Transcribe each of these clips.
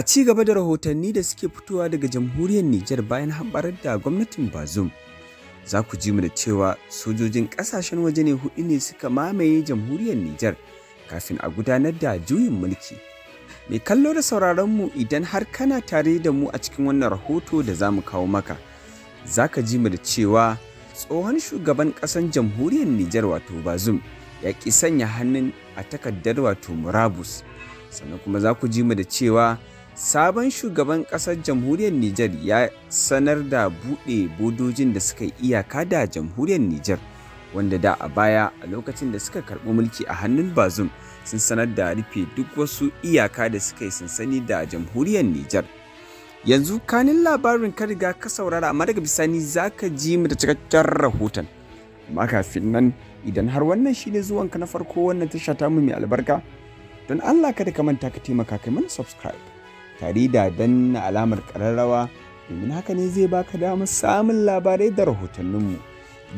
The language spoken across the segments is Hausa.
A ci gaba da rahotanni da suke fitowa daga jamhuriyar Nijar bayan haɓarar da gwamnatin Bazoum, za ku ji mu da cewa sojojin ƙasashen waje ne hudu ne suka mamaye jamhuriyar Nijar kafin a gudanar da juyin mulki. Mai kallo da sauraron mu idan har kana tare da mu a cikin wannan rahoto da za mu kawo maka, za ka ji mu da cewa tsohon shugaban ƙasan jamhuriyar Nijar wato Bazum ya ƙi sanya hannun a takardar wato Murabus. Sannan kuma za ku ji mu da cewa Sabon shugaban ƙasar jamhuriyar Nijar ya sanar da buɗe bodojin da suka yi iyaka da jamhuriyar Nijar, wanda da a baya a lokacin da suka karɓi mulki a hannun Bazum sun sanar da rufe duk wasu iyaka da suka yi sansani da jamhuriyar Nijar. Yanzu kanin labarin ka riga ka saurara amma daga bisani za ka ji mu da cikakken rahoton. Amma kafin nan idan har wannan shi ne zuwanka na farko wannan tasha mu mai albarka, don Allah kada ka manta ka taimaka kai mana subscribe. tare da danna alamar ƙararrawa domin haka ne zai baka damar samun labarai da rahotanninmu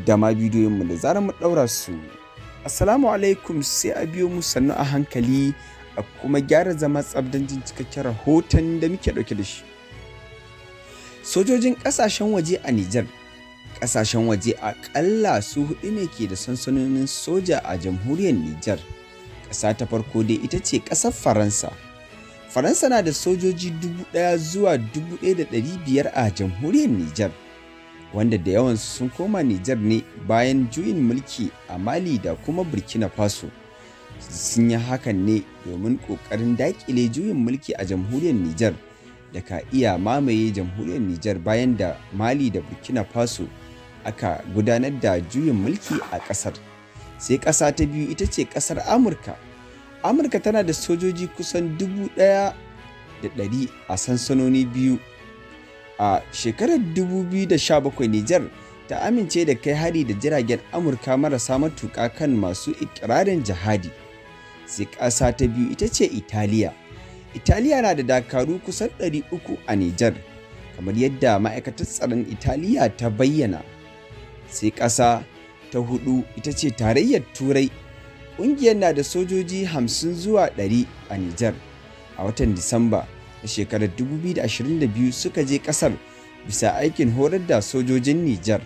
da ma bidiyoyinmu da zarar mu ɗaura su. Assalamu alaikum sai a biyo mu sannu a hankali a kuma gyara zama tsabdan jin cikakken rahoton da muke ɗauke da shi. Sojojin ƙasashen waje a Nijar Ƙasashen waje aƙalla su hudu ne ke da sansanonin soja a jamhuriyar Nijar. Ƙasa ta farko dai ita ce ƙasar Faransa. Faransa na da sojoji 1,000 zuwa 1,500 a jamhuriyar Nijar, wanda da yawan sun koma Nijar ne bayan juyin mulki a Mali da kuma Burkina Faso. Sun yi hakan ne domin ƙoƙarin daƙile juyin mulki a jamhuriyar Nijar da ka iya mamaye jamhuriyar Nijar bayan da Mali da Burkina Faso aka gudanar da juyin mulki a ƙasar. Sai ƙasa ta biyu ita ce ƙasar Amurka. amurka tana da sojoji kusan dubu ɗaya da ɗari a sansanoni biyu a shekarar 2017 nijar ta amince da kai hari da jiragen amurka marasa matuƙa kan masu ikirarin jihadi sai ƙasa ta biyu ita ce italiya italiya na da dakaru kusan 300 a nijar kamar yadda ma'aikatar tsaron italiya ta bayyana sai ƙasa ta hudu ita ce tarayyar turai ƙungiyar na da sojoji 50 zuwa 100 a Nijar. A watan Disamba na shekarar 2022 suka je ƙasar bisa aikin horar da sojojin Nijar.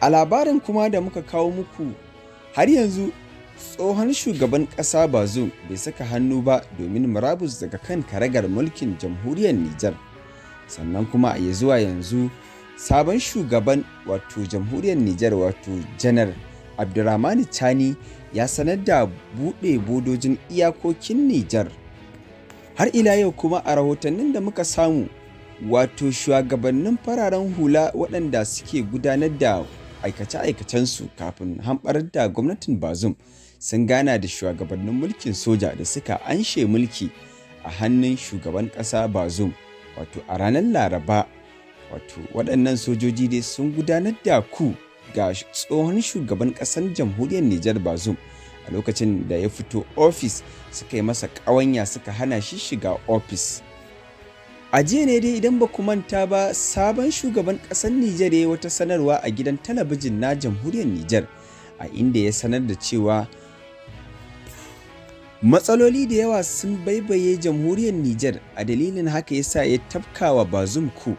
A labarin kuma da muka kawo muku har yanzu tsohon shugaban ƙasa Bazoum bai saka hannu ba domin murabus daga kan karagar mulkin jamhuriyar Nijar. Sannan kuma a zuwa yanzu sabon shugaban wato jamhuriyar Nijar wato janar abdurrahmani chani ya sanar da buɗe bodojin iyakokin nijar har ila yau kuma a rahotannin da muka samu wato shugabannin fararen hula waɗanda suke gudanar da aikace-aikacensu kafin hamɓarar da gwamnatin bazum sun gana da shugabannin mulkin soja da suka anshe mulki a hannun shugaban ƙasa bazum wato a ranar laraba wato waɗannan sojoji dai sun gudanar da ku ga tsohon shugaban ƙasar jamhuriyar Nijar Bazoum a lokacin da ya fito ofis suka yi masa ƙawanya suka hana shi shiga ofis. A jiya ne dai idan ba ku manta ba sabon shugaban ƙasar Nijar ya wata sanarwa a gidan talabijin na jamhuriyar Nijar a inda ya sanar da cewa matsaloli da yawa sun baibaye jamhuriyar Nijar a dalilin haka ya sa ya tafkawa Bazum ku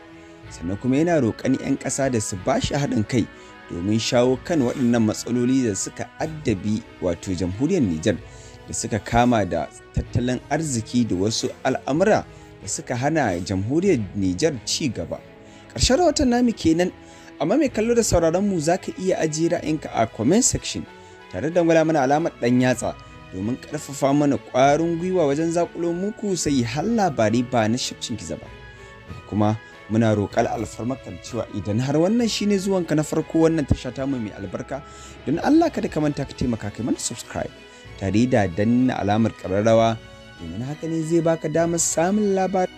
sannan kuma yana roƙon 'yan ƙasa da su ba shi haɗin kai domin shawo kan waɗannan matsaloli da suka addabi wato jamhuriyar Nijar da suka kama da tattalin arziki da wasu al'amura da suka hana jamhuriyar Nijar ci gaba. Ƙarshen watan namu kenan, amma mai kallo da sauraron mu za ka iya ajiye ra'ayinka a comment section tare da gwada mana alamar ɗan yatsa domin ƙarfafa mana ƙwarin gwiwa wajen zaƙulo muku sai har labari ba na shafcin kiza ba. Kuma muna roƙar alfarmakan cewa idan har wannan shi shine zuwanka na farko wannan tasha ta mai albarka don Allah kada ka manta ka taimaka kai mana subscribe tare da danna alamar ƙararrawa domin haka ne zai baka damar samun labarin